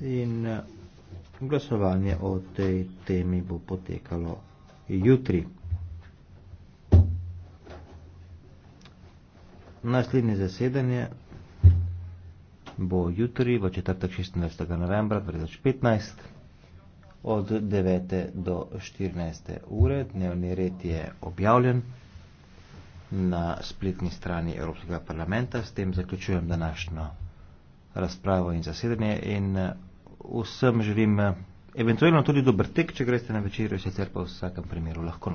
in eh, glasovanje o tej temi bo potekalo jutri. Naslednje zasedanje bo jutri, v četrtek 16. novembra 2015, od 9. do 14. ure. Dnevni red je objavljen na spletni strani Evropskega parlamenta. S tem zaključujem današnjo razpravo in zasedanje in eh, vsem želim eh, eventualno tudi dober tek, če greste na večerjo, sicer pa v vsakem primeru lahko noč.